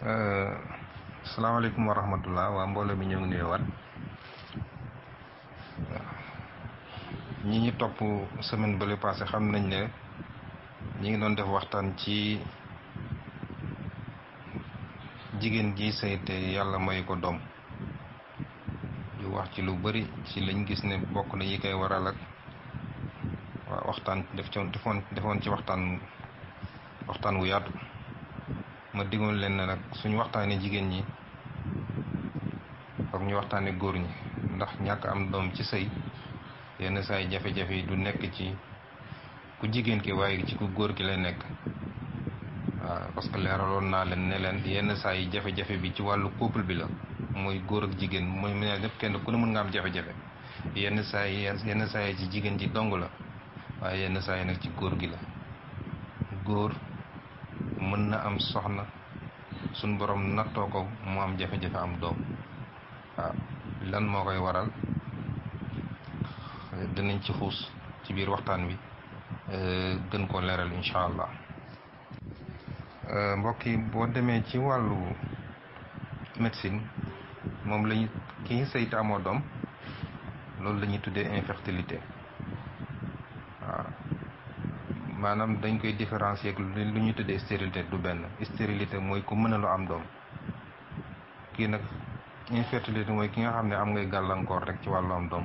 Euh, salaamaaleykum wa rahmatullah waa mbooloo bi ñoo ngi nuyuwaat ñi ñu topp semaine bële passé xam nañ ne ñi ngi doon def waxtaan ci jigéen ji sayte yàlla may ko doom yu wax ci lu bari ci lañ gis ne bokk na yi koy waral ak waa waxtaan def ci defoon defoon ci waxtaan waxtaan wu yaatu ma digoon leen na nag suñu waxtaanee jigéen ñi ak ñu waxtaanee góor ñi ndax ñàkk am doom ci sëy yenn saa yi jafe-jafe yi du nekk ci ku jigéen ki waaye ci ku góor ki lay nekk waaw parce naa leen ne leen yenn saa yi jafe bi ci wàllu couple bi la mooy góor ak jigéen mooy mu ne lépp kenn ku ne mën nga am jafe-jafe yenn saa yi yenn saa yi ci jigéen ji dong la waaye yenn saa yi nag ci góor gi la góor mën na am soxna suñ borom nattoo ko mu am jafe-jafe am doom waaw lan moo koy waral dinañ ci xuus ci biir waxtaan wi eh, gën koo leeral incha allah eh, mbokk yi boo demee ci wàllu médecine moom lañu ki sëy te amoo doom loolu la ñuy tuddee infertilité waaw maanaam dañ koy différencier ak lu ñu tuddee stérilité du benn stérilité mooy ku mën a lu am doom kii nag infertilité mooy ki nga xam ne am ngay gàllankoor rek ci wàllu am doom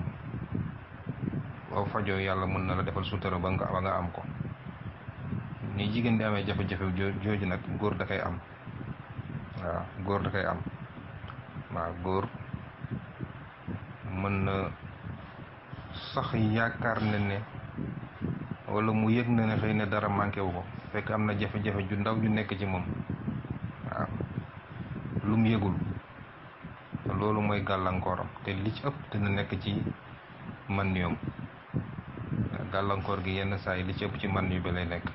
boo fajoo yàlla mën na la defal suutara ba nga ba am ko ni jigéen di amee jafe-jafe jooju nag góor da koy am waa góor da koy am waa góor mën na sax yaakaar ne ne wala mu yëg na ne xëy na dara manqué wu ko fekk am na jafe-jafe ju ndaw ju nekk ci moom waaw lu mu yëgul loolu mooy gàllankooram te li ci ëpp dina nekk ci man yoom gàllankoor gi yenn saa li ci ci man yu ba lay nekk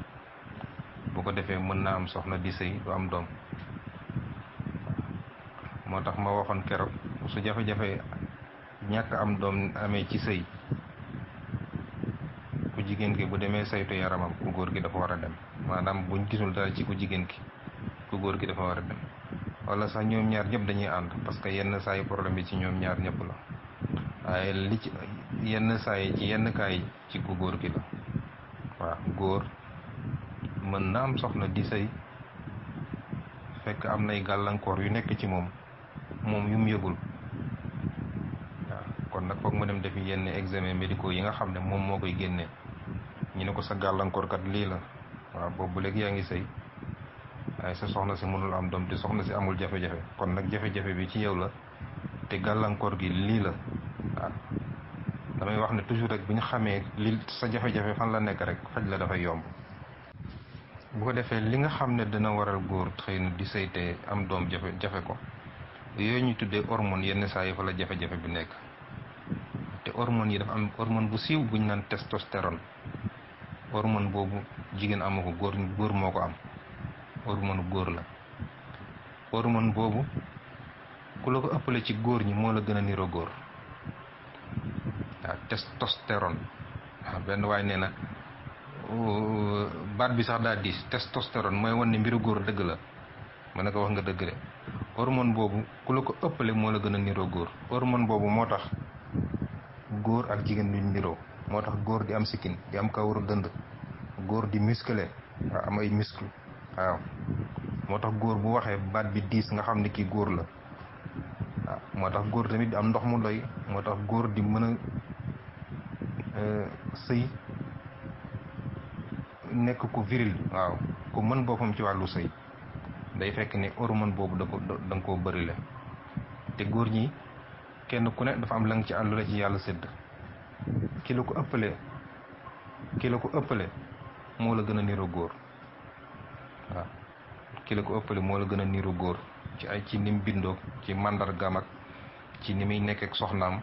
bu ko defee mën naa am soxna di sëy du am doom moo tax ma waxoon keroog su jafe-jafe ñàkk am doom amee ci sëy jigéen ki bu demee saytu yaramam ku góor gi dafa war a dem maanaam buñ gisul dara ci ku jigéen ki ku góor gi dafa war a dem wala sax ñoom ñaar ñëpp dañuy ànd parce que yenn saa yi problème bi ci ñoom ñaar ñëpp la waaye li ci yenn saa ci yenn kaay ci ku góor gi la waaw góor mën na am soxna di sëy fekk am nay gàllankoor yu nekk ci moom moom yu mu yëgul kon nag foog mu dem defi yenn examen médicaux yi nga xam ne moom moo koy génnee ñu ne ko sa gàllankoor gàllankoorkat lii la waaw boobu ba yaa ngi sëy waaye sa soxna si mënul am doom di soxna si amul jafe-jafe kon nag jafe-jafe bi ci yow la te gàllankoor gi lii la damay wax ne toujours rek bu ñu xamee li sa jafe-jafe fan la nekk rek faj la dafay yomb. bu ko defee li nga xam ne dina waral góor xëy na di sëy te am doom jafe-jafe ko yooyu ñu tuddee hormone yenn saa yi fa la jafe-jafe bi nekk te hormone yi dafa am hormone bu siiw bu ñu naan testostérone. hormone boobu jigéen amu góor ñu góor moo ko am hormone góor la hormone boobu ku la ko ëppale ci góor ñi moo la gën a niroo góor waaw testostérone benn waaye nee na baat bi sax daa diis testostérone mooy wan ne mbiru góor dëgg la ma ne ko wax nga dëgg de hormone boobu ku la ko ëppale moo la gën a niroo góor hormone boobu moo tax góor ak jigéen duñ niroo moo tax góor di am sikkin di am kawaru dënd góor di musclé waaw am ay muscle waaw moo tax góor bu waxee baat bi diis nga xam ne kii góor la moo tax góor tamit di am ndox mu doy moo tax góor di mën a euh, sëy nekk ko viril waaw ku mën boppam ci wàllu sëy day fekk ni ne hormone boobu da ko da nga koo bërile te góor ñi kenn ku ne dafa am la ci àll la ci yàlla sedd ki la ko ëppalee ki la ko ëppale moo la gën a niru góor waaw ki ko ëppale moo la gën a niru góor ci ay ci nim bindoog ci màndargaam ak ci ni muy nekk soxnaam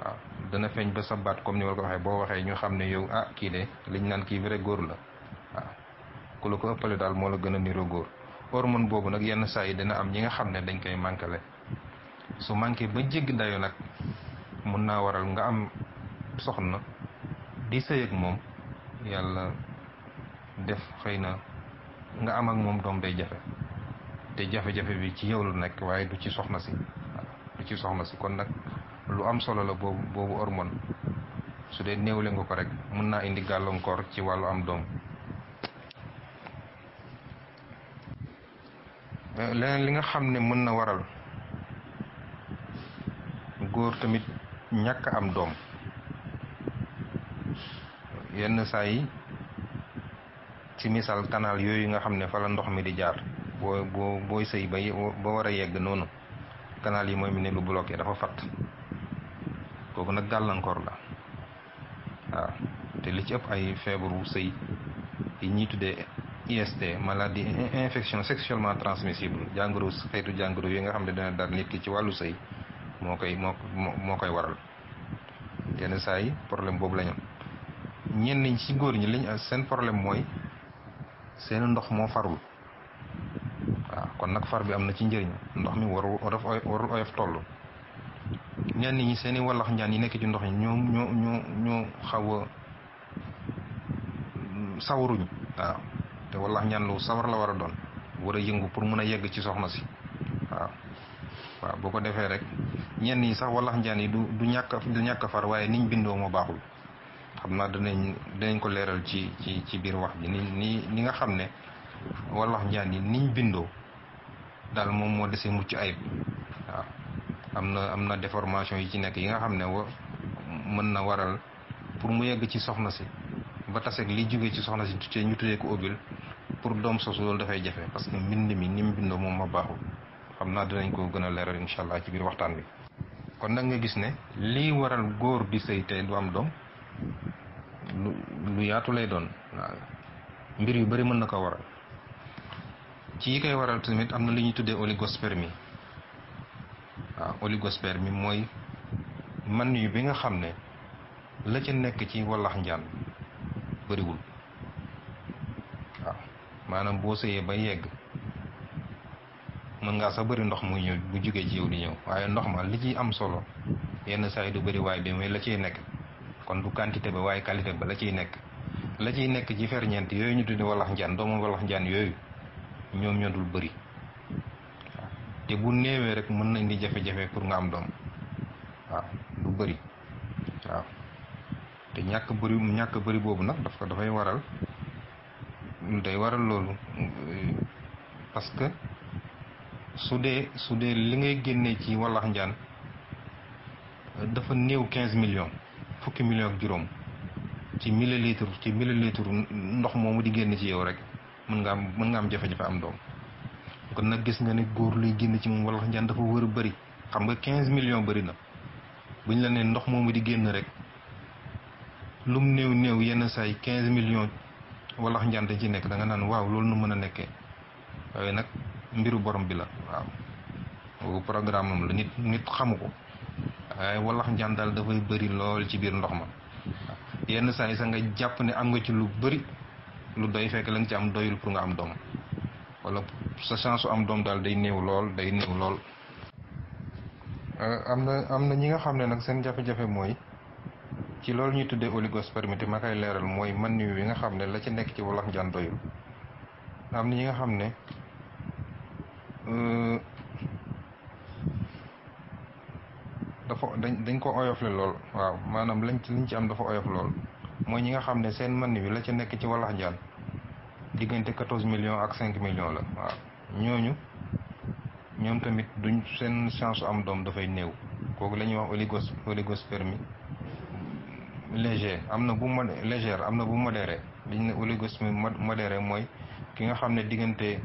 waaw dana feeñ ba sa baat comme ni wala ko waxee boo waxee ñu xam ne yow ah kii de liñ naan kii vrai góor la waaw ko ëppale daal moo la gën a niru góor hormone boobu nag yenn saa yi dina am ñi nga xam ne dañ koy manqué su manqué ba jégg dayo nag mun naa waral nga am soxna di sëy ak moom yàlla def xëy na nga am ak moom doom day jafe te jafe-jafe bi ci yow la nekk waaye du ci soxna si du ci soxna si kon nag lu am solo la boobu boobu hormone su dee néewle nga ko rek mën naa indi gàllankoor ci wàllu am doom leneen li nga xam ne mën na waral góor tamit ñàkk am doom yenn saa yi ci misaal canal yooyu nga xam ne fa la ndox mi di jaar boo boo booy sëy ba ba war a yegg noonu canal yi mooy mi ne lu bloqué dafa fatt kooku nag gàllankoor la waaw te li ci ëpp ay feebaru sëy yi ñuy tuddee IST maladie infection sexuellement transmissible jàngoro xeetu jàngoro yi nga xam ne dana dal nit ci wàllu sëy moo koy moo moo koy waral yenn saa yi problème boobu la ñenn ñi si góor ñi liñ seen problème mooy seeni ndox moo farul waaw kon nag far bi am na ci njëriñ ndox mi warul oyof oyof toll ñenn ñi seeni i njaan yi nekk ci ndox ñi ñu ñu ñu ñoo xaw sawaruñ waaw te wallax njaan lu sawar la war a doon war a yëngu pour mun a yegg ci soxna si waaw waaw boo ko defee rek ñenn ñi sax wallax njaan yi du du ñàkk du ñàkk far waaye niñ bindoo moo baaxul xam naa danañ ko leeral ci ci ci biir wax bi ni ni ni nga xam ne wallax njaan yi niñ bindoo daal moom moo desee mucc ayib waaw am na am na déformation yi ci nekk yi nga xam ne wa mën na waral pour mu yegg ci soxna si ba taseeg li jógee ci soxna si tuddee ñu tuddee ko obil pour doom sos loolu dafay jafe parce que mbind mi ni mu bindoo moom ma baaxul xam naa dinañ ko gën a leeral incha allah ci biir waxtaan bi kon nag nga gis ne lii waral góor bi sëy te du am doom lu lu yaatu lay doon mbir yu bari mën na ko waral ci yi koy waral tamit am na lu ñuy tuddee oligospermie waaw oligospermie mooy man yu bi nga xam ne la ca nekk ci wallax njaan bariwul waaw maanaam boo sëyee ba yegg mën ngaa sax bari ndox muy ñëw bu jógee ci yow di ñëw waaye ndox ma li ci am solo yenn saa yi du bari waaye bi la ciy nekk kon du quantité ba waaye qualité ba la ciy nekk la ciy nekk ci ferñeent yooyu ñu tuddi walax njaan doomu walax njaan yooyu ñoom ñoo dul bëri waaw te bu néewee rek mën na indi jafe-jafe pour nga am doom waaw lu bëri waaw te ñàkk bëri ñàkk bëri boobu nag daf ko dafay waral day waral loolu parce que su dee su dee li ngay génnee ci walax njaan dafa néew quinze millions fukki million ak juróom ci millilitre ci millilitre ndox moomu di génn ci yow rek mën nga am mën nga am jafe-jafe am doom nag gis nga ne góor luy génn ci moom wala njaan dafa a bëri xam nga 15 million bëri na buñ la nee ndox moomu di génn rek lum néew néew yenn saay 15 millions wala njaan ci nekk da nga naan waaw loolu nu mën a nekkee waaye nag mbiru borom bi la waaw. programme am la nit xamu ko. waaye wallax njàndal dafay bëri lool ci biir ndox ma yenn saa yi sa nga jàpp ne am nga ci lu bari lu doy fekk la ci am doyul pour nga am doom wala sa chance su am doom daal day néew lool day néew lool. Euh, am na am na ñi nga xam ne nag seen jafe-jafe mooy ci loolu ñuy tuddee oligospermie te ma koy leeral mooy man yi nga xam ne la ci nekk ci wallax njaan doyul am na ñi nga xam ne euh, dafa dañ dañ ko oyofle lool waaw maanaam lañ liñ ci am dafa oyof lool mooy ñi nga xam ne seen man wi la ca nekk ci walax jaan diggante quatorze millions ak cinq millions la waaw ñooñu ñoom tamit duñ seen chance am doom dafay néew kooku la ñuy wax oligos oligospermie léger am na bu mod am na bu modéré li ñu ne oligospermie modéré mooy ki nga xam ne diggante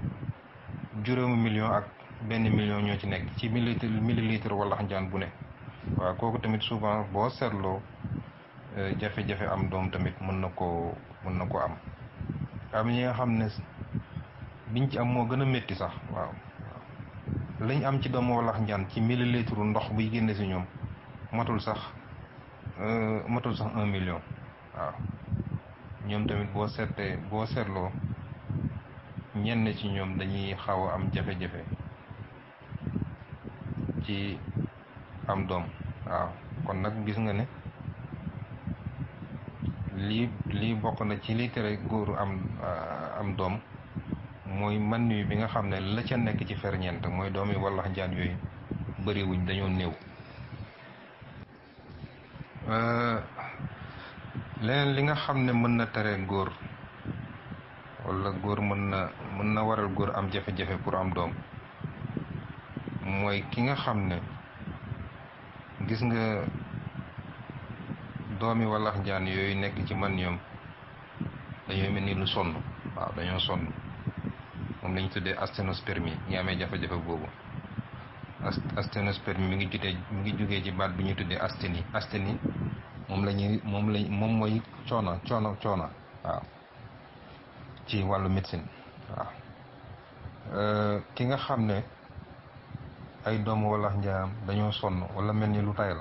juróomi million ak benn million ñoo ci nekk ci millilitre millilitre wala xanjaan bu ne waaw kooku tamit souvent boo seetloo eh, jafe-jafe am doom tamit mën na koo mën na ko am am yi nga xam ne biñ ci am moo gën a métti sax waaw lañ am ci doom walax njaan ci millilitre ndox buy génne si ñoom matul sax eh, matul sax un million waaw ñoom tamit boo seetee boo seetloo ñenn ci ñoom dañuy xaw a am jafe-jafe ci am doom waaw kon nag gis nga ne lii lii bokk na ci lii tere góor am euh, am doom mooy man wi bi nga xam ne la ca nekk ci ferñeent mooy doom yi wallax njaan yooyu bariwuñ dañoo néew euh, leneen li nga xam ne mën na tere góor wala góor mën na mën na waral góor am jafe-jafe pour am doom mooy ki nga xam ne gis nga doomi wallax njaan yooyu nekk ci man ñoom dañooy mel ni lu sonn waaw dañoo sonn moom lañu tuddee asthénospermie ñi amee jafe-jafe boobu asthénospermie mi ngi jotee mi ngi jógee ci baat bi ñu tuddee asthénie asteni moom la ñuy moom lañ moom mooy coono coono coono waaw ci wàllu médecine waaw euh, ki nga xam ne ay doomu walax njaam dañoo sonn wala mel ni lu tayal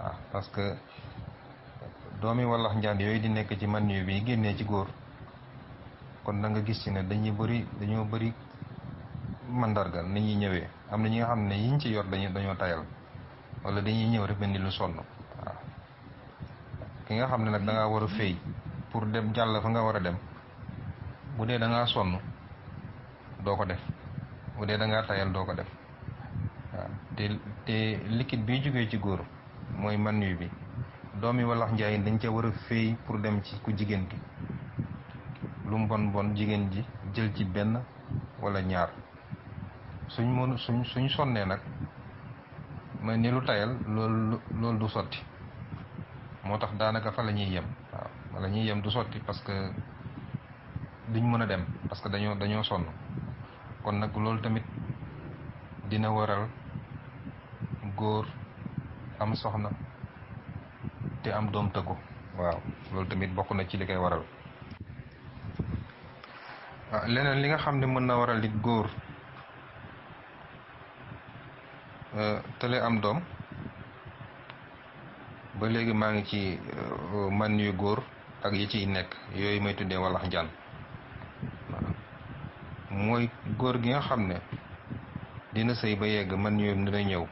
waaw ah, parce que doomi walax njaam yooyu di nekk ci man bi génnee ci góor kon danga gis ci ne dañuy bari dañoo bari mandarga ni ñuy ñëwee am na ñi nga xam ne yiñ ci yor dañu dañoo tayal wala dañuy ñëw rek mel ni lu sonn waaw ah, ki nga xam ne nag da ngaa war a fay pour dem jàll fa nga war a dem bu dee da ngaa sonn doo ko def bu dee da ngaa tayal doo ko def te te liquide biy jógee ci góor mooy manu bi doomi walax njaay dañ ca war a féey pour dem ci ku jigéen ki lu mu bon jigéen ji jël ci benn walla ñaar suñ mënu suñ suñ sonnee nag ma ni lu tayal loolu loolu du sotti moo tax daanaka fa la ñuy yem waaw fa ñuy yem du sotti parce que duñ mën a dem parce que dañoo dañoo sonn kon nag loolu tamit dina waral góor am soxna te am doom tëkku waaw loolu tamit bokk na ci li koy waral ah, leneen li nga xam ne mën na waral it góor euh, tële am doom ba léegi maa ngi ci euh, man yu góor ak yi ciy nekk yooyu may tuddee walax mooy góor gi nga xam ne dina sëy ba yegg man yooyu dina ñëw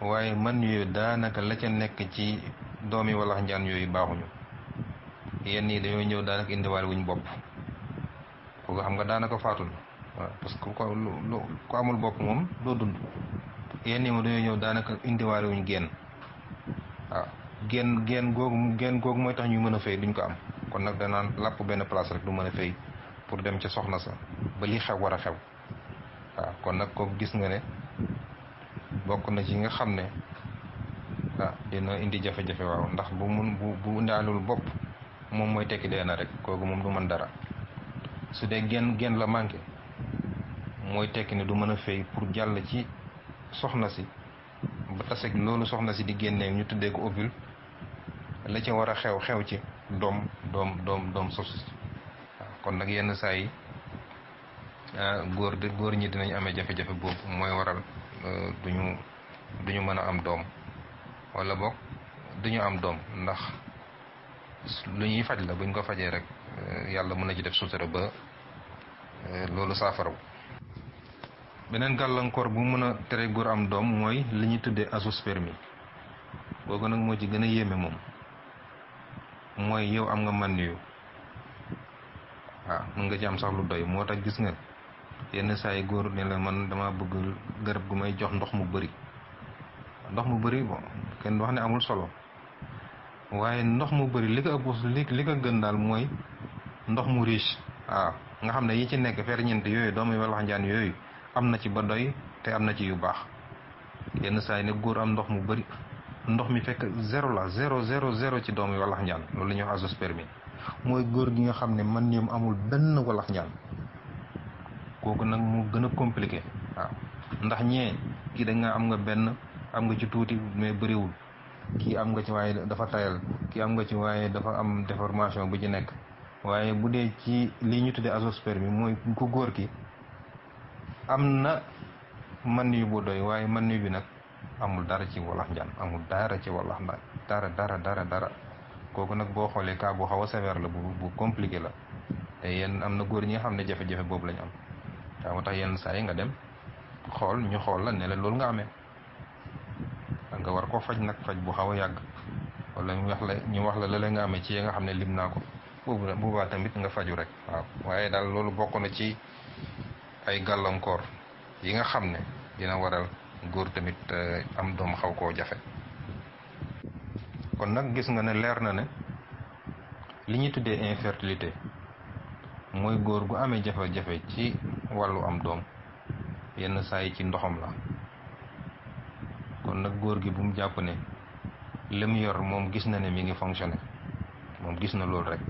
waaye man yooyu daanaka la ca nekk ci doomi walax njaan yooyu baaxuñu yenn yi dañoo ñëw daanaka indiwaale wuñ bopp ko xam nga daanaka faatul waaw parce que ko lu ko amul bopp moom doo dund yenn yi moom dañoo ñëw daanaka indiwaale wuñ génn waaw génn génn googu génn googu mooy tax ñu mën a fay duñ ko am kon nag danaan làpp benn place rek du mën a fay pour dem ca soxna sa ba li xew war a xew waaw kon nag kooku gis nga ne bokk na ci nga xam ne ah dina indi jafe-jafe waaw ndax bu mun bu bu ndaalul bopp moom mooy tekki dee na rek kooku moom du mën dara su dee genn genn la manqué mooy tekki ne du mën a fay pour jàll ci soxna si ba taseeg loolu soxna si di génnee ñu tuddee ko ovule la ca war a xew xew ci doom doom doom doom sosu ah, kon nag yenn saa yi ah, góor góor ñi dinañ amee jafe-jafe boobu mooy waral. Euh, duñu duñu mën a am doom walla boog duñu am doom ndax lu ñuy faj la buñ ko fajee rek euh, yàlla mën na ci def sutura ba euh, loolu saafaraw beneen gàllankoor bu mën a tere góor am doom mooy li ñuy tuddee azoospermie boobu nag moo ci gën a yéeme moom mooy yow am nga màndiyu waaw mun nga ci am sax lu doy moo tax gis nga yenn saay góor ne la man dama bëgg garab gu may jox ndox mu bari ndox mu bëri bon kenn wax ne amul solo waaye ndox mu bari li ko ëpp li ko gën daal mooy ndox mu riche waaw nga xam ne yi ci nekk ñent yooyu doomu walxanjaan yooyu am na ci ba doy te am na ci yu baax yenn saa yi ne góor am ndox mu bari ndox mi fekk zéro la zéro zéro zéro ci doomu walax njaan loolu la ñuy wax azospermie mooy góor gi nga xam ne man ñoom amul benn walax njaan kooku nag moo gën a compliqué waaw ndax ñee kii da nga am nga benn am nga ci tuuti mais bëriwul kii am nga ci waaye dafa tayal kii am nga ci waaye dafa am déformation bu ci nekk waaye bu dee ci lii ñu tuddee azoospermie bi mooy ku góor ki am na man yu bu doy waaye man yu bi nag amul dara ci wallax njaan amul dara ci wallax ndax dara dara dara dara kooku nag boo xoolee cas bu xaw a sévère la bu bu compliqué la te yéen am na góor ñi nga xam ne jafe-jafe boobu lañu am waaw moo tax yenn saa yi nga dem xool ñu xool la ne la loolu nga amee nga war ko faj nag faj bu xaw a yàgg wala ñu wax la ñu wax la lële nga amee ci yi nga xam ne lim naa ko boobu boobaa tamit nga faju rek waaw waaye daal loolu bokk na ci ay gàllankoor yi nga xam ne dina waral góor tamit eh, am doom xaw koo jafe kon nag gis nga ne leer na ne li ñu tuddee infertilité mooy góor gu amee jafe-jafe ci wàllu am doom yenn saay ci ndoxam la kon nag góor gi bu mu jàpp ne li mu yor moom gis na ne mi ngi fonctionné moom gis na loolu rek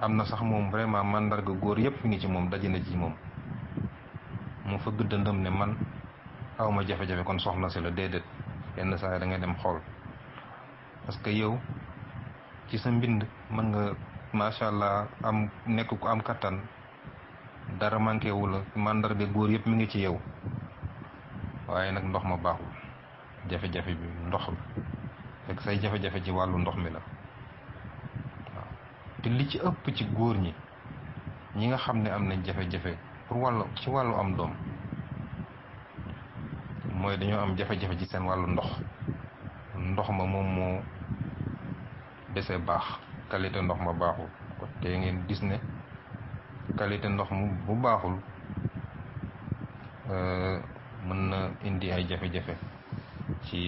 am na sax moom vraiment mandarga góor yëpp ngi ci moom daje na ci moom mu fëgg dëndam ne man aw ma jafe-jafe kon soxna si la déedéet yenn saa yi da nga dem xool parce que yow ci sa mbind mën nga macha allah am nekk ko am kattan dara manqué wu la mandarga góor yëpp mu ngi ci yow waaye nag ndox ma baaxul jafe-jafe bi ndox la fekk say jafe-jafe ci wàllu ndox mi la waaw li ci ëpp ci góor ñi ñi nga xam ne am nañ jafe-jafe pour wàllu am doom mooy dañoo am jafe-jafe ci seen wàllu ndox ndox ma moom moo dese baax qualité ndox ma baaxul kon te ngeen gis ne qualité ndox mu bu baaxul euh, mën na indi ay jafe-jafe ci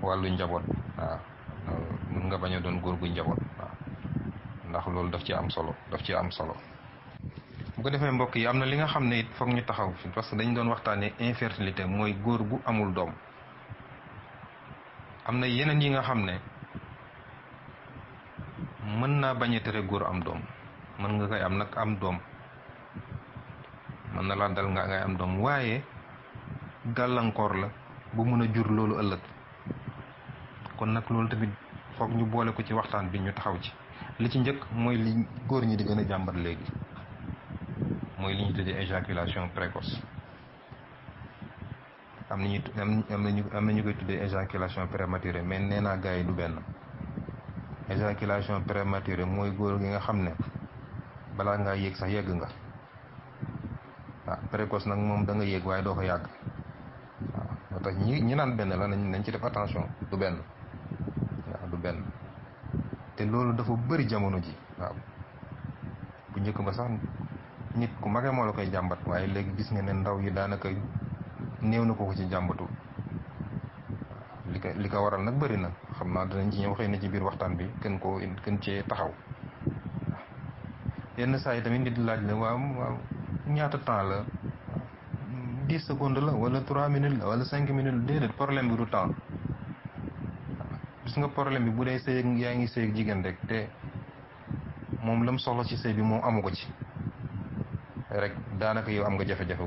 wàllu njaboot waaw mën nga bañ a doon góor gu njaboot waaw ndax loolu daf ci am solo daf ci am solo bu ko defee mbokk yi am na li nga xam ne foog ñu taxaw fi parce que dañ doon waxtaanee infertilité mooy góor gu amul doom am na yeneen yi nga xam ne mën naa bañ a tere góor am doom mën nga koy am nag am doom mën na laa dal nga ngay am doom waaye gàllankoor la bu mën a jur loolu ëllëg kon nag loolu tamit foog ñu boole ko ci waxtaan bi ñu taxaw ci li ci njëkk mooy li góor ñi di gën a jàmbat léegi mooy li ñu tuddee éjaculation précoce am nañu am nañu am nañu koy tuddee éjaculation prématurée mais nee naa yi du benn éjaculation prématurée mooy góor gi nga xam ne balaa ngaa yéeg sax yegg nga waaw ah, précoce nag moom danga yéeg waaye doo ko yàgg waaw ah, moo tax ñi ñi naan benn la nañ nañ ci def attention du benn waaw ah, du benn te loolu dafa bari jamono ji waaw bu njëkk ba sax nit ku magee moo la koy jàmbat waaye léegi gis nga ne ndaw yi daanaka néew na ko ko ci jàmbatu li ko li ko waral nag bëri na xam naa dinañ ci ñëw xëy na ci biir waxtaan bi kenn koo kenn cee taxaw yenn saa yi tamit nit laaj la waaw waaw ñaata temps la dix seconde la wala trois minutes la wala cinq minutes la déedéet problème bi du temps gis nga problème bi bu dee sëy yaa ngi sëy jigéen rek te moom lam soxla ci sëy bi moom amu ko ci rek daanaka yow am nga jafe-jafe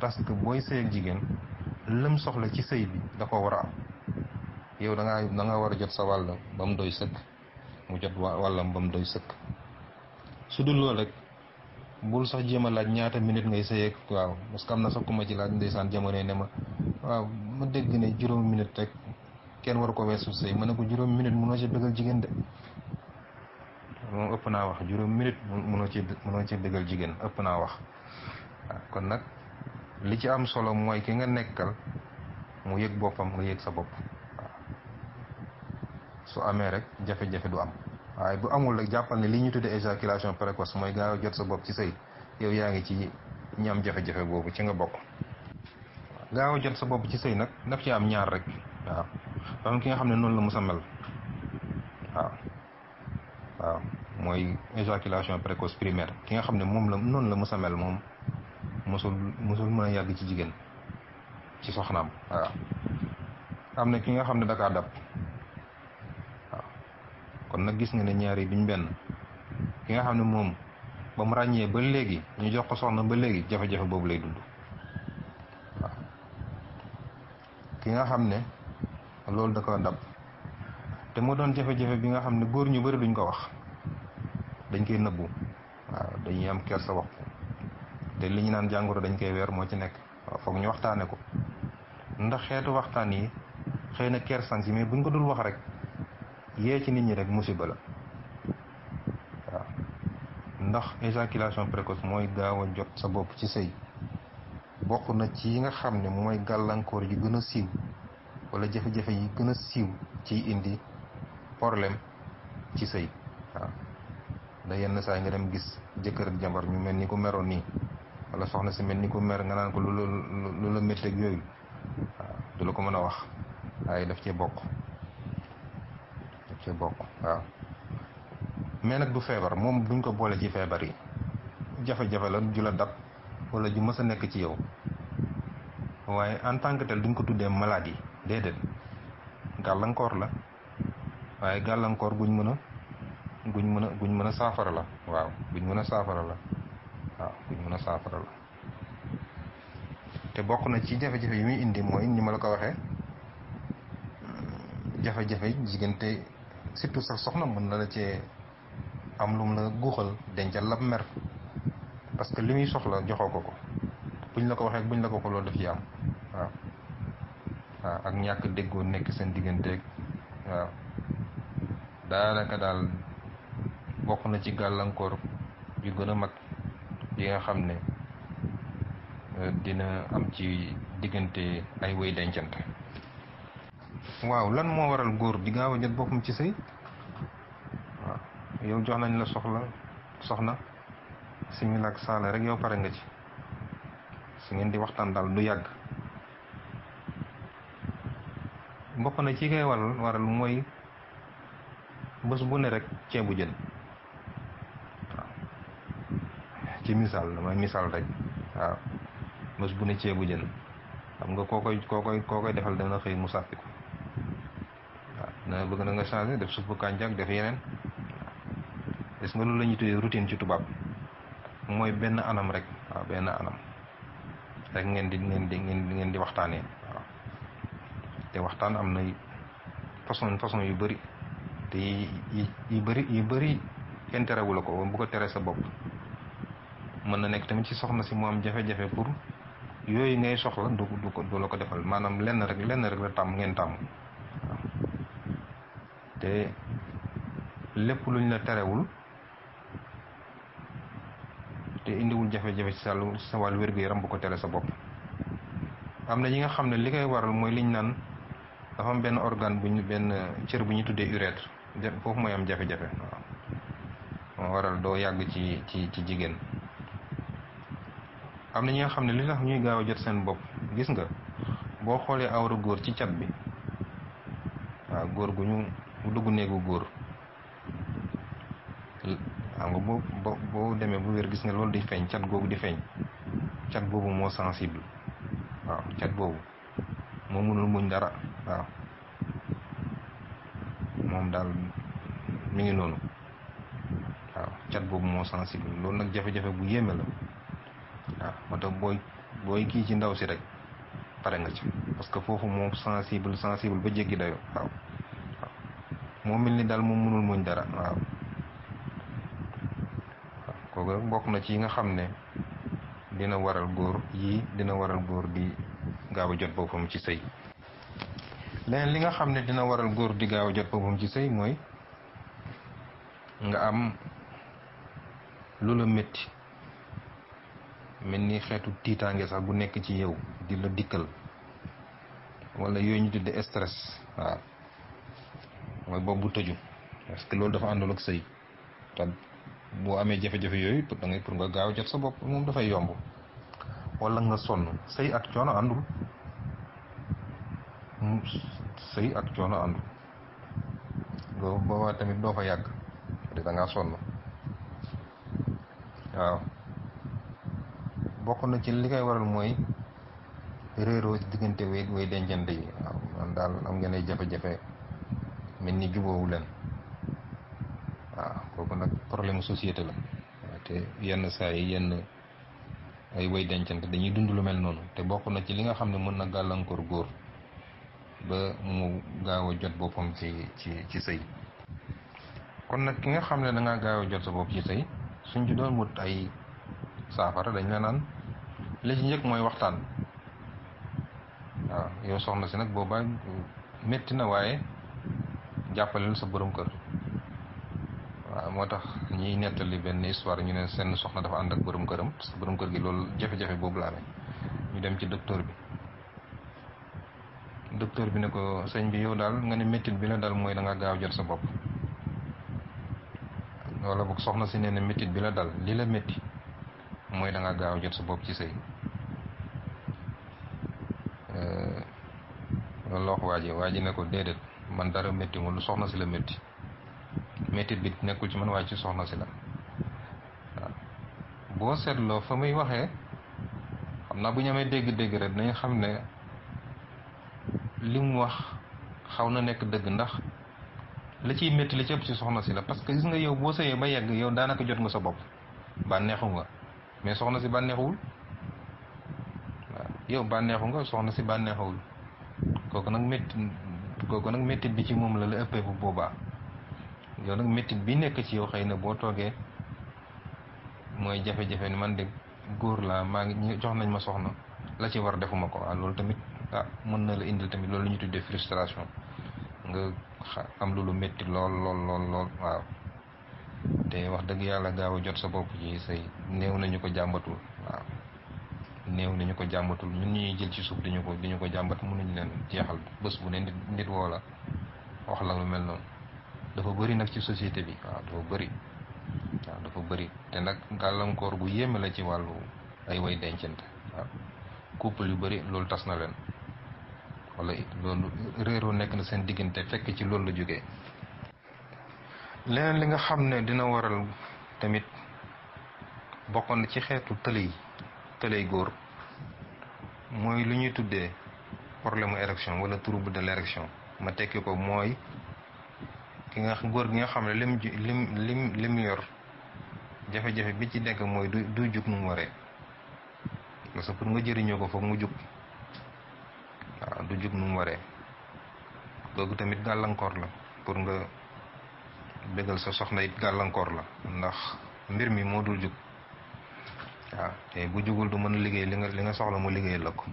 parce que booy sëy ak jigéen lam soxla ci sëy bi da ko war a am yow da ngaa da nga war a jot sa wàll ba mu doy sëkk jot wàllam ba mu doy sëkk su dul loolu rek bul sax jéem a laaj ñaata minute ngay sëyeeg waaw parce que na sax ku ma ci laaj ndeysaan jamono ne ma waaw ma dégg ne juróomi minute kenn war ko weesu ma ne ko juróomi minute ci bëggal jigéen de moom naa wax juróomi minute mënoo ci mënoo ci bëggal jigéen ëpp wax ah, kon nag li ci am solo mooy ki nga nekkal mu yëg boppam nga yëg sa bopp su amee rek jafe-jafe du am waaye bu amul rek jàppal ne li ñu tuddee éjaculation précoce mooy gaaw jot sa bopp ci sëy yow yaa ngi ci ñi jafe-jafe boobu ci nga bokk. gaaw a jot sa bopp ci sëy nag daf ci am ñaar rek waaw doon ki nga xam ne noonu la musamel mel waaw waaw mooy ki nga xam ne moom la noonu la musa moom musul musul mën a yàgg ci jigéen ci soxnaam waaw am na ki nga xam ne dakaa dab kon nag gis nga ne ñaar yi duñ benn ki nga xam ne moom ba mu ràññee ba léegi ñu jox ko soxna ba léegi jafe-jafe boobu lay dudd ki nga xam ne loolu da ko dab te moo doon jafe-jafe bi nga xam ne góor ñu bari duñ ko wax dañ koy nëbbu dañuy am kersa wax ko te li ñu naan jàngoro dañ koy weer moo ci nekk waaw foog ñu waxtaane ko ndax xeetu waxtaan yi xëy na kersan si mais buñ ko dul wax rek yee ci nit ñi rek musiba la waaw ndax éjaculation précoce mooy gaaw a jot sa bopp ci sëy bokk na ci yi nga xam ne mooy gàllankoor yu gën a siiw wala jafe-jafe yi gën a siiw ciy indi problème ci sëy waaw da yenn saa nga dem gis jëkkër ak jabar ñu mel ni ku meroon nii wala soxna si mel ni ku mer nga naan ko lu la lu la métteeg yooyu waaw du la ko mën a wax waaye daf cee bokk cee bokk waaw mais nag du feebar moom duñ ko boole ci feebar yi jafe-jafe la ju la dab wala ju mës a nekk ci yow waaye en tant que duñ ko tuddee maladie déedéet gàllankoor la waaye gàllankoor guñ mën a guñ mën a guñ mën a saafara la waaw guñ mën a saafara la waaw guñ mën a saafara te bokk na ci jafe-jafe yi muy indi mooy ni ma la ko waxee jafe-jafe diggante surtout sax soxna mën na la cee am lum la guuxal dencal la mer parce que li muy soxla joxoo ko ko buñ la ko waxee buñ la ko ko loolu daf ci am waaw ak ñàkk déggoo nekk seen digganteeg waaw daanaka daal bokk na ci gàllankoor yu gën a mag yi nga xam ne dina am ci diggante ay woy dencante waaw lan moo waral góor di gaaw a jot boppam ci sëy waaw jox nañ la soxla soxna simila ak saala rek yow pare nga ci su ngeen di waxtaan daal du yàgg bokk na ci koy waral waral mooy bës bu ne rek ceebu jën waaw ci misaal damay misaal rek waaw bés bu ne ceebu jën xam nga koo koy koo koy koo koy defal dana xëy mu sàppi dana bëgg na nga changé def suppu kànja def yeneen gis nga loolu lañuy ñuy tuddee routine ci tubaab mooy benn anam rek waaw benn anam rek ngeen di ngeen di ngeen di waxtaanee te waxtaan am na façon façon yu bari te yu bari yu bari kenn terewu la ko bu ko tere sa bopp mën na nekk tamit ci soxna si mu am jafe-jafe pour yooyu ngay soxla du ko du la ko defal maanaam lenn rek lenn rek la tàmm ngeen tamu te lépp luñ la terewul te indiwul jafe-jafe ci sàllu sa wàllu yaram bu ko tere sa bopp am na ñi nga xam ne li koy waral mooy liñ naan dafa benn organe bu benn cër bu ñu tuddee urètre foofu mooy jafe-jafe moo waral doo yàgg ci ci ci jigéen am na ñi nga xam ne li tax ñuy gaaw a jot seen bopp gis nga boo xoolee awra góor ci cat bi waaw góor gu bu dugg néegu góor xam nga boo boo demee bu wér gis ne loolu di feeñ cat googu di feeñ boobu moo sensible waaw cat boobu moo mënul muñ dara waaw moom daal mi ngi noonu waaw cat boobu moo sensible loolu nag jafe-jafe bu yéeme la waaw moo tax booy booy kii ci ndaw si rek pare nga ci parce que foofu moo sensible sensible ba jéggi dayo moo mel ni daal moom mënul mooñ dara waaw kooku rek bokk na ci yi nga xam ne dina waral góor yi dina waral góor di gaaw a jot boppam ci sëy leneen li nga xam ne dina waral góor di gaaw a jot boppam ci sëy mooy nga am lu la métti mel ni xeetu tiitaange sax bu nekk ci yow di la dikkal wala yooyu ñu tudde stress waaw mooy boobu bu tëju parce que loolu dafa àndal ak sëy boo amee jafe-jafe yooyu da ngay pour nga gaaw jot sa bopp moom dafa yomb wala nga sonn sëy ak coono àndul sëy ak loolu boobaa tamit doo fa yàgg de da sonn waaw bokk na ci li koy waral mooy réeroo ci diggante way way dencante yi waaw man daal am ngeen jafe-jafe mel ni jubóowu leen waaw kooku nag problème société la te yenn saa yi yenn ay way dencante dañuy dund lu mel noonu te bokk na ci li nga xam ne mën na gàllankoor góor ba mu gaaw a jot boppam ci ci ci sëy kon nag ki nga xam ne danga ngaa jot sa bopp ci sëy suñ ci doon wut ay saafara dañ la naan léegi ci njëkk mooy waxtaan waaw yow soxna si nag boobaa métti na waaye jàppaleel sa borom kër waa moo tax ñuy nettali benn histoire ñu ne seen soxna dafa ànd ak borom këram sa borom kër gi loolu jafe-jafe boobu la amee ñu dem ci docteur bi docteur bi ne ko sëñ bi yow daal nga ne méttit bi la dal mooy danga nga gaaw jot sa bopp wala boog soxna si nee na méttit bi la dal li la métti mooy da nga gaaw jot sa bopp ci sëy loolu la wax waa ji waa ji ne ko déedéet man dara métti ma lu soxna si la métti métti bi nekkul ci man waaye ci soxna si la waaw boo seetloo fa muy waxee xam naa bu ñamee dégg-dégg rek dinañ xam ne li mu wax xaw na nekk dëgg ndax la ciy metti la ci ëpp ci soxna si la parce que gis nga yow boo sëyee ba yegg yow daanaka jot nga sa bopp bànneexu nga mais soxna si bànneexuwul waaw yow bànneexu nga soxna si bànneexuwul kooku nag métti kooku nag méttit bi ci moom la la ëppee bu boobaa yow nag méttit bi nekk ci yow xëy na boo toogee mooy jafe-jafe ni man de góor la maa ngi jox nañ ma soxna la ci war defuma ko ah loolu tamit ah mën na la indil tamit loolu la ñu tuddee frustration nga am lu lu métti lool lool lool lool waaw te wax dëgg yàlla gaaw jot sa bopp ci say néew nañu ko jàmbatul néew nañu ko jàmbatul ñu ñuy jël ci suuf diñu ko diñu ko jàmbat mënuñu leen jeexal bés bu ne nit nit woo la wax la lu mel noonu dafa bari nag ci société bi waaw dafa bëri dafa bëri te nag gàllankoor gu yéeme la ci wàllu ay way dencante waaw couple yu bari loolu tas na leen wala loolu réeroo nekk na seen diggante fekk ci loolu la jóge leneen li nga xam ne dina waral tamit bokkoon ci xeetu tëli yi tëlay góor mooy lu ñuy tuddee problème mu érection wala trouble de l'érection ma tekki ko mooy ki nga góor gi nga xam ne lim lim lim lim yor jafe-jafe bi ci nekk mooy du du jug nu mu waree parce pour nga jëriñoo ko foog mu jug waaw du jug nu mu waree kooku tamit gàllankoor la pour nga bégal sa soxna it gàllankoor la ndax mbir mi moo dul jug. waaw te bu jugul du mën a liggéey li nga li nga soxla mu liggéey la ko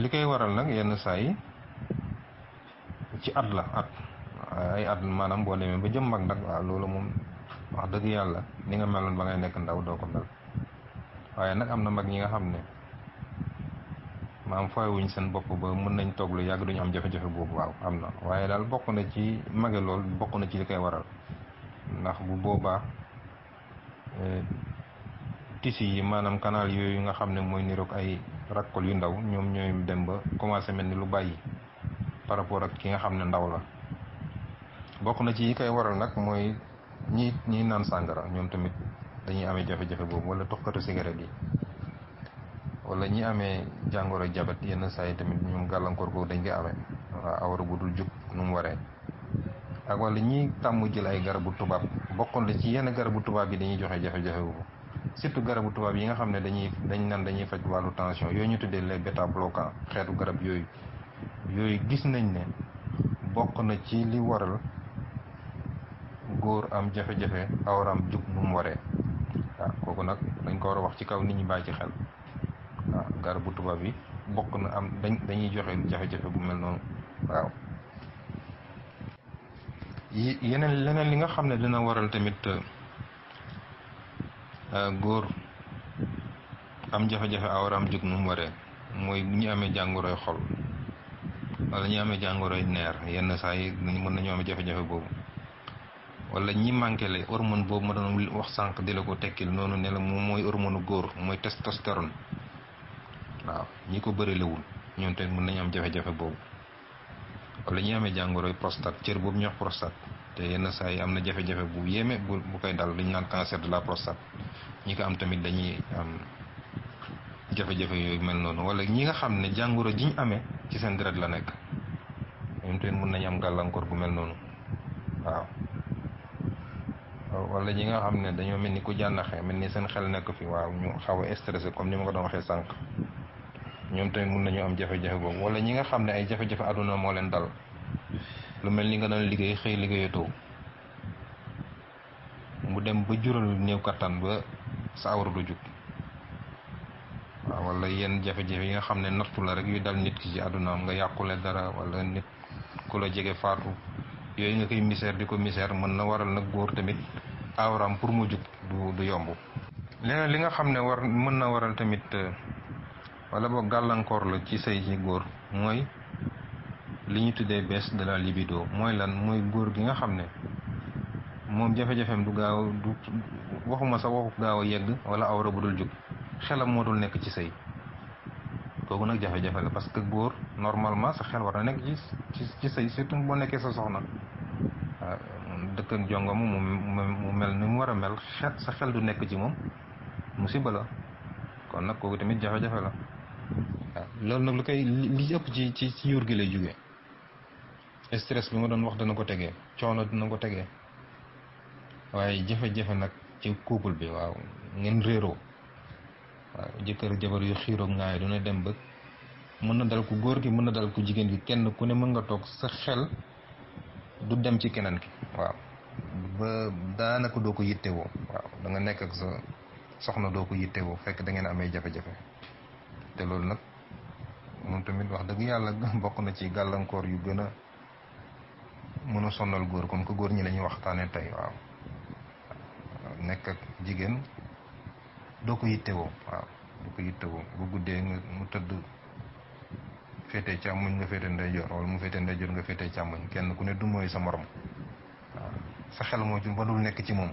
li koy waral nag yenn saa yi ci at la at ay at maanaam boo demee ba jëm mag nag waaw loolu moom wax dëgg yàlla ni nga meloon ba ngay nekk ndaw doo ko mel waaye nag am na mag ñi nga xam ne maam fayewuñ seen bopp ba mën nañ toog lu yàgg duñu am jafe-jafe boobu waaw am na waaye daal bokk na ci mage lool bokk na ci li koy waral ndax bu boobaa Euh, tissu yi maanaam canal yooyu nga xam ne mooy niroog ay rakkol yu ndaw ñoom ñooy dem ba commencé mel ni lu bàyyi par rapport ak ki nga xam ne ndaw la bokk na ci yi koy waral nag mooy ñi ñiy naan sàngara ñoom tamit dañuy amee jafe-jafe boobu wala tuxkatu cigarette yi wala ñi amee jàngoro jabet yenn saa tamit ñoom gàllankoor boobu dañ koy amee waaw a bu dul jub nu mu waree ak wala ñi tàmm jël ay garabu tubaab bokkoon la ci yenn garabu tubaab yi dañuy joxe jafe-jafe boobu surtout garabu tubaab yi nga xam ne dañuy dañ nan dañuy faj wàllu tension yooyu ñu tuddee les bêta xeetu garab yooyu yooyu gis nañ ne bokk na ci li waral góor am jafe-jafe awram jug nu mu waree waaw ah, kooku nag dañ ko war a wax ci kaw nit ñi bàyyi ci xel waaw ah, garabu tubaab yi bokk na am dañuy joxe jafe-jafe bu mel noonu waaw yeneen leneen li nga xam ne dina waral tamit euh, euh, góor am jafe-jafe am jóg nu mu waree mooy bu ñu amee jàngoroy xol wala ñu amee jàngoroy neer yenn saa yi mën nañu amee jafe-jafe boobu wala ñi manqué le hormone boobu ma doon wax sànq di la ko tekkil noonu ne moom mooy hormone góor mooy testostérone waaw ñi ko bërilewul ñoom tamit mën nañu am jafe-jafe boobu ko la ñuy amee jàngoroy prostate cër boobu ñuy wax prostate te yenn saa yi am na jafe-jafe bu yéeme bu koy dal dañu naan cancer de la prostate ñi ko am tamit dañuy am jafe-jafe yooyu mel noonu wala ñi nga xam ne jàngoro ji ñu amee ci seen la nekk ñoom tamit mën nañu am gàllankoor bu mel noonu waaw. wala ñi nga xam ne dañoo mel ni ku jànnaxee mel ni seen xel nekk fi waaw ñu xaw a stressé comme ni ma ko doon waxee sànq. ñoom te mun nañu am jafe-jafe boobu wala ñi nga xam ne ay jafe-jafe àdduna moo leen dal lu mel ni nga doon liggéey xëy liggéeyatoo mu dem ba jural néew kattan ba sa awra du jug waaw wala yenn jafe-jafe yi nga xam ne nattu la rek yu dal nit ki ci àddunaam nga yàqule dara wala nit ku jege faatu yooyu nga koy misère di ko misère mën na waral nag góor tamit awraam pour mu jug du du yomb leneen li nga xam ne mën na waral tamit euh, wala boog gàllankoor la ci sëy ci góor mooy li ñu tuddee baisse de la libido mooy lan mooy góor gi nga xam ne moom jafe-jafeem du gaaw du waxuma sa gaaw a wala awra dul jóg xelam moo nekk ci sëy kooku nag jafe-jafe la parce que góor normalement sa xel war na nekk ci ci sëy surtout boo nekkee sa soxna waaw dëkk ak jongom mu mel ni mu war a mel xel sa xel du nekk ci moom musiba la kon nag kooku tamit jafe-jafe la waaw loolu nag lu koy li ëpp ci ci ci yuur gi lay jóge stress bi ma doon wax dana ko tegee coono dana ko tegee waaye jafe-jafe nag ci couple bi waaw ngeen réeroo waaw jëkkër jabar yu xiiroog ngaay du na dem ba mën na dal ku góor gi mën na dal ku jigéen gi kenn ku ne mën nga toog sa xel du dem ci keneen ki waaw ba daanaka doo ko yittewoo waaw da nga nekk ak sa soxna doo ko yittewoo fekk da ngeen amee jafe-jafe te loolu nag moom tamit wax dëgg yàlla bokk na ci gàllankoor yu gën a mën a sonal góor comme que góor ñi la ñuy waxtaanee tey waaw nekk ak jigéen doo ko yittewoo waaw doo ko yittewoo bu guddee nga mu tëdd féete càmmoñ nga féete ndeyjoor wala mu féete ndeyjoor nga féete càmmoñ kenn ku ne du mooy sa moroom waaw sa xel moo ci ba nekk ci moom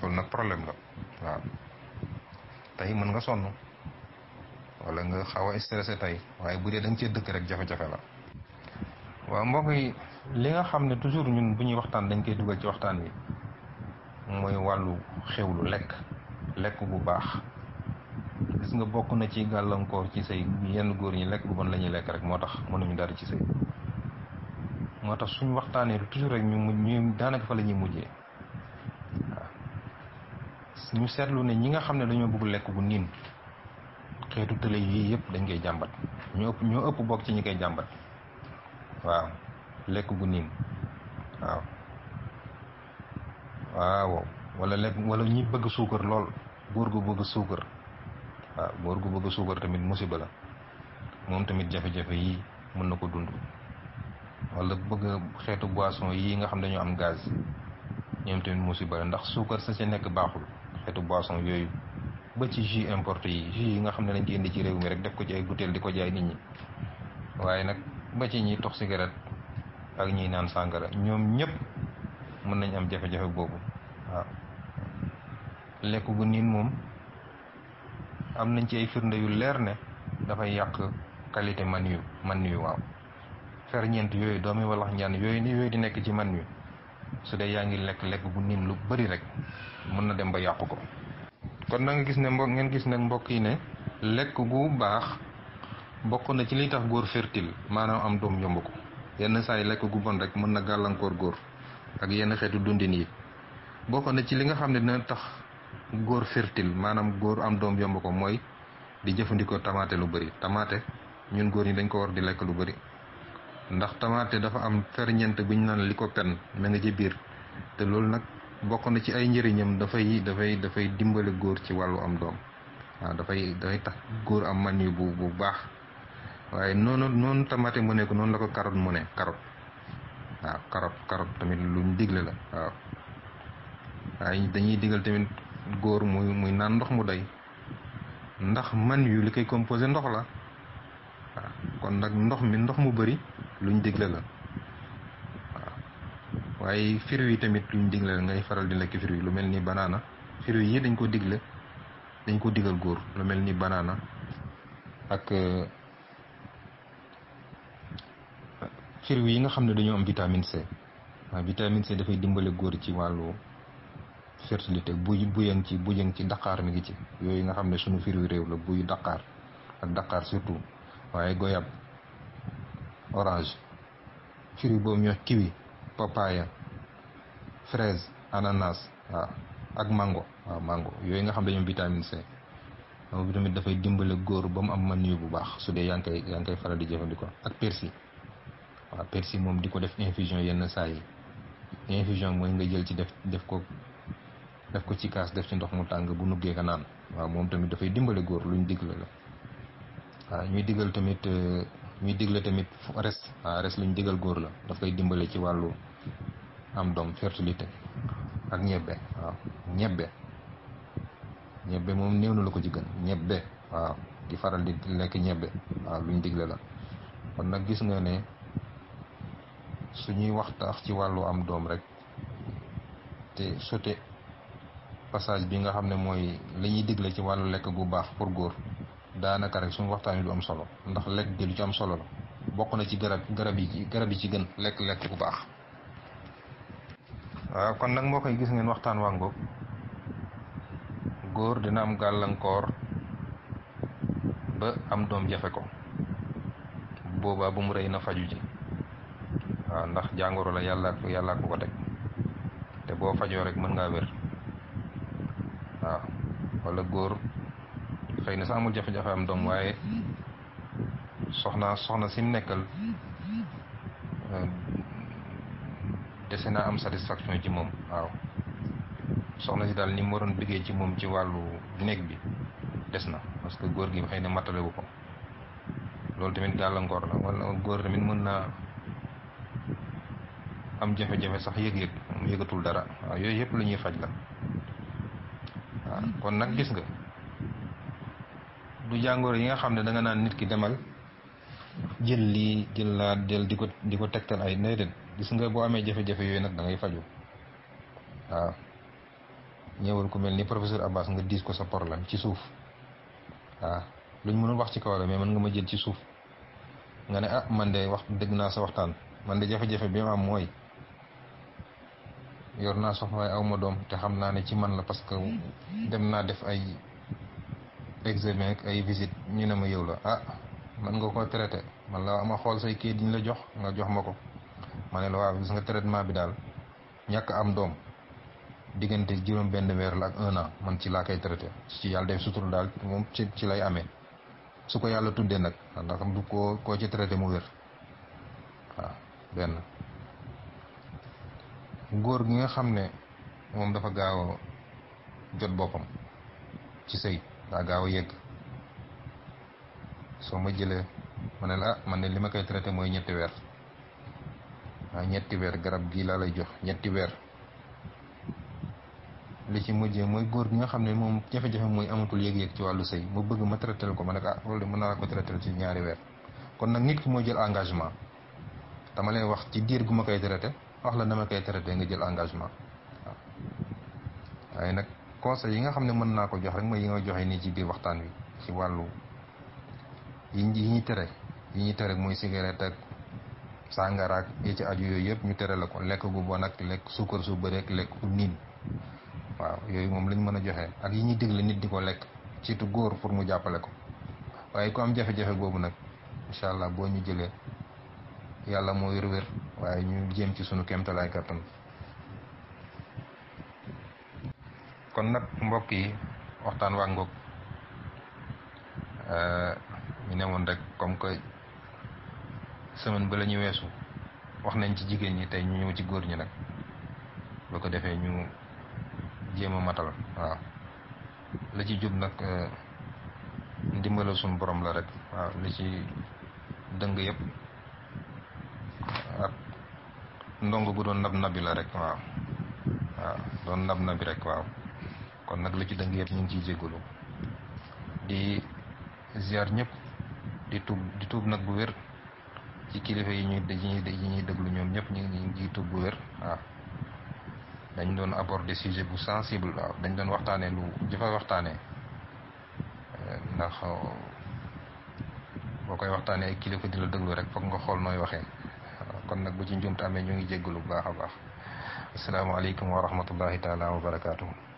loolu nag problème la waaw tey mën nga sonn. wala nga xaw a stressé tey waaye bu dee da cee dëkk rek jafe-jafe la. waaw mbokk li nga xam ne toujours ñun bu ñuy waxtaan dañ koy dugal ci waxtaan wi mooy wàllu xew lu lekk lekk bu baax gis nga bokk na ci gàllankoor ci sëy yenn góor ñi lekk bu bon la ñuy lekk rek moo tax nañu dara ci sëy moo tax suñu waxtaanee toujours rek ñu ñu daanaka fa la ñuy mujjee waaw ñu seetlu ne ñi nga xam ne dañoo bëgg lekk bu niin xeetu tële yii yëpp dañ koy jàmbat ñoo ëpp ñoo ëpp bokk ci ñu koy jàmbat waaw lekk gu niin waaw waaw wala lekk wala ñi bëgg suukar lool góor gu bëgg suukar waaw góor gu suukar tamit musiba la moom tamit jafe-jafe yi mën na ko dund wala bëgg xeetu boisson yi nga xam ne dañoo am gaz ñoom tamit musiba la ndax suukar sa ci nekk baaxul xeetu boisson yooyu ba ci jus importé yi jus yi nga xam ne dañ koy indi ci réew mi rek def ko ci ay butéel di ko jaay nit ñi waaye nag ba ci ñi tox cigarette ak ñiy naan sàngara ñoom ñëpp mën nañ am jafe-jafe boobu waaw lekk gu niin moom am nañ ci ay firnde yu leer ne dafay yàq qualité man yu man yu waaw ferñeent yooyu doomi walax njaan yooyu ni yooyu di nekk ci man yu su dee yaa ngi lekk lekk bu niin lu bari rek mën na dem ba yàqu ko kon na gis ne mbokk ngeen gis nag mbokk yi ne lekk gu baax bokk na ci liy tax góor fertile maanaam am doom yomb ko yenn saa yi lekk gu bon rek mën na gàllankoor góor ak yenn xeetu dundin yi bokk na ci li nga xam ne dina tax góor fertile maanaam góor am doom yomb ko mooy di jëfandikoo tamaate lu bari tamaate ñun góor ñi dañ ko war di lekk lu bari ndax tamaate dafa am ferñeent bu ñu naan li ko pen ma nga ci biir te loolu nag bokk na ci ay njëriñam dafay dafay dafay dimbale góor ci wàllu am doom waaw dafay dafay tax góor am man yu bu baax waaye noonu noonu tamaate mu ne ko noonu la ko carotte mu ne carotte waaw carotte carotte tamit luñ digle la waaw waaye dañuy digal tamit góor muy naan ndox mu doy ndax man yu li koy composé ndox la waaw kon nag ndox mi ndox mu bëri luñ digle la waaye fruits yi tamit luñ digle la ngay faral di lekk fruits lu mel ni banaana fruits yi dañ ko digle dañ ko digal góor lu mel ni banaana ak euh, fruits yi nga xam ne dañoo am vitamine C waaw vitamine C dafay dimbale góor ci wàllu fertilité buy buyang ci buyang ci daqaar mi ngi ci yooyu nga xam ne sunu fruits réew la buy daqaar ak daqaar surtout waaye goyab orange fruits boobu ñoo kiwi papaya fraise ananas waaw ak mango waaw mango yooyu nga xam dañoo vitamine C moom bi tamit dafay dimbale góor ba mu am maniyu bu baax su dee yaa ngi koy yaa di jëfandikoo ak persil waaw persil moom di ko def infusion yenn saa yi infusion mooy nga jël ci def def ko def ko ci kaas def ci ndox mu tàng bu nuggee nga naan waaw moom tamit dafay dimbale góor luñ digal la waaw ñuy digal tamit. Euh, ñuy digle tamit res waaw ah, res lu ñu digal góor la daf koy dimbale ci wàllu am doom fertilité ak ñebbe waaw ñebbe ñebbe moom néew na la ko ci gën ñebbe waaw di faral di lekk ñebbe waaw luñ digle la kon nag gis nga ne ñuy waxtaax ci wàllu am doom rek te sauté passage bi nga xam ne mooy li ñuy digle ci wàllu lekk gu baax pour góor daanaka rek suñu waxtaan wi du am solo ndax lekk gi lu ci am solo la bokk na ci garab garab yi garab yi ci gën lekk-lekk bu baax waaw kon nag moo koy gis ngeen waxtaan waa ngoog góor dina am gàllankoor ba am doom jafe ko boobaa bu mu rëy na faju ji waaw ndax jàngoro la yàlla yàllaa ko ko teg te boo fajoo rek mën ngaa wér waaw wala góor xëy na sax amul jafe-jafe am doom waaye soxna soxna si mu nekkal euh, dese naa am satisfaction ci moom waaw soxna si daal ni mu waroon bëggee ci moom ci wàllu néeg bi des na parce que góor gi xëy na matalewu ko loolu tamit gàllankoor la wala góor tamit mën na am jafe-jafe sax yëg-yëg mu yëgatul dara waaw yooyu yëpp lu ñuy faj la kon nag gis nga du jàngoro yi nga xam ne da nga naan nit ki demal jël li jël laa del di ko di ko tegtal ay déedéet gis nga boo amee jafe-jafe yooyu nag da ngay faju waaw ñëwal ko mel ni professeur Abbas nga diis ko sa problème ci suuf waaw luñ mënul wax ci kaw la mais mën nga ma jël ci suuf nga ne ah man de wax dégg naa sa waxtaan man de jafe-jafe bi ma am mooy yor naa soxna waaye aw ma doom te xam naa ne ci man la parce que dem naa def ay. examen ay visite ñu ne ma yow la ah man nga koo traité man la a xool say kayit yi la jox nga jox ma ko ma ne la waaw gis nga traitement bi daal ñàkk am doom diggante juróom benn weer la ak un an man ci laa koy traité ci yàlla def sutur daal moom ci ci lay amee su ko yàlla tuddee nag ndax du koo koo ci traité mu wér waaw benn góor gi nga xam ne moom dafa gaaw jot boppam ci sëy daa gaaw a yëgg soo ma jëlee ma la ah man ne li ma koy traité mooy ñetti weer waaye ñetti weer garab gii laa lay jox ñetti weer li ci mujjee mooy góor gi nga xam ne moom jafe-jafe mooy amatul yëg-yëg ci wàllu sëy mu bëgg ma traité ko ma ne ah loolu mën naa ko traité ci ñaari weer kon nag nit ki moo jël engagement dama leen wax ci diir gu ma koy traité wax la ma koy traité nga jël engagement waaw waaye nag. conseil yi nga xam ne mën naa ko jox rek mooy yi nga joxe nii ci biir waxtaan wi ci wàllu yi ñuy tere yi ñuy tere mooy cigarette ak sàngara yi ci aju yooyu yëpp ñu tere la ko lekk gu bon ak lekk suukar su bëri ak lekk niin waaw yooyu moom lañ mën a joxe ak yi ñuy digle nit di ko lekk surtout góor pour mu jàppale ko waaye ku am jafe-jafe boobu nag incha allah boo ñu jëlee yàlla moo wér-wér waaye ñu jéem ci sunu kéemtalaay kattan. kon nag mbokk yi waxtaan waa ngoog eh, ñu ne rek comme que semaine ba la ñu weesu wax nañ ci jigéen ñi tey ñu ñëw ci góor ñi nag boo ko defee ñu jéem a matal waaw la ci jub nag eh, ndimbala suñu borom la rek waaw li ci dëng yëpp ak ndong bu doon nab nabi la rek waaw waaw doon nab nabi rek waaw kon nag la ci dëng yëpp ñu ngi ciy jégalu di ziar ñëpp di tuub di tuub nag bu wér ci kilifa yi ñuy yi ñuy déglu ñoom ñëpp ñu ngi ciy tuub bu wér waaw dañ doon aborder sujet bu sensible waaw dañ doon waxtaanee lu jafe waxtaanee eh, ndax boo koy waxtaanee ay kilifa di la déglu rek foog nga xool nooy waxee kon nag bu ci njuumte amee ñu ngi jégalu bu baax a baax asalaamaaleykum wa rahmatullahi taala wa barakaatu.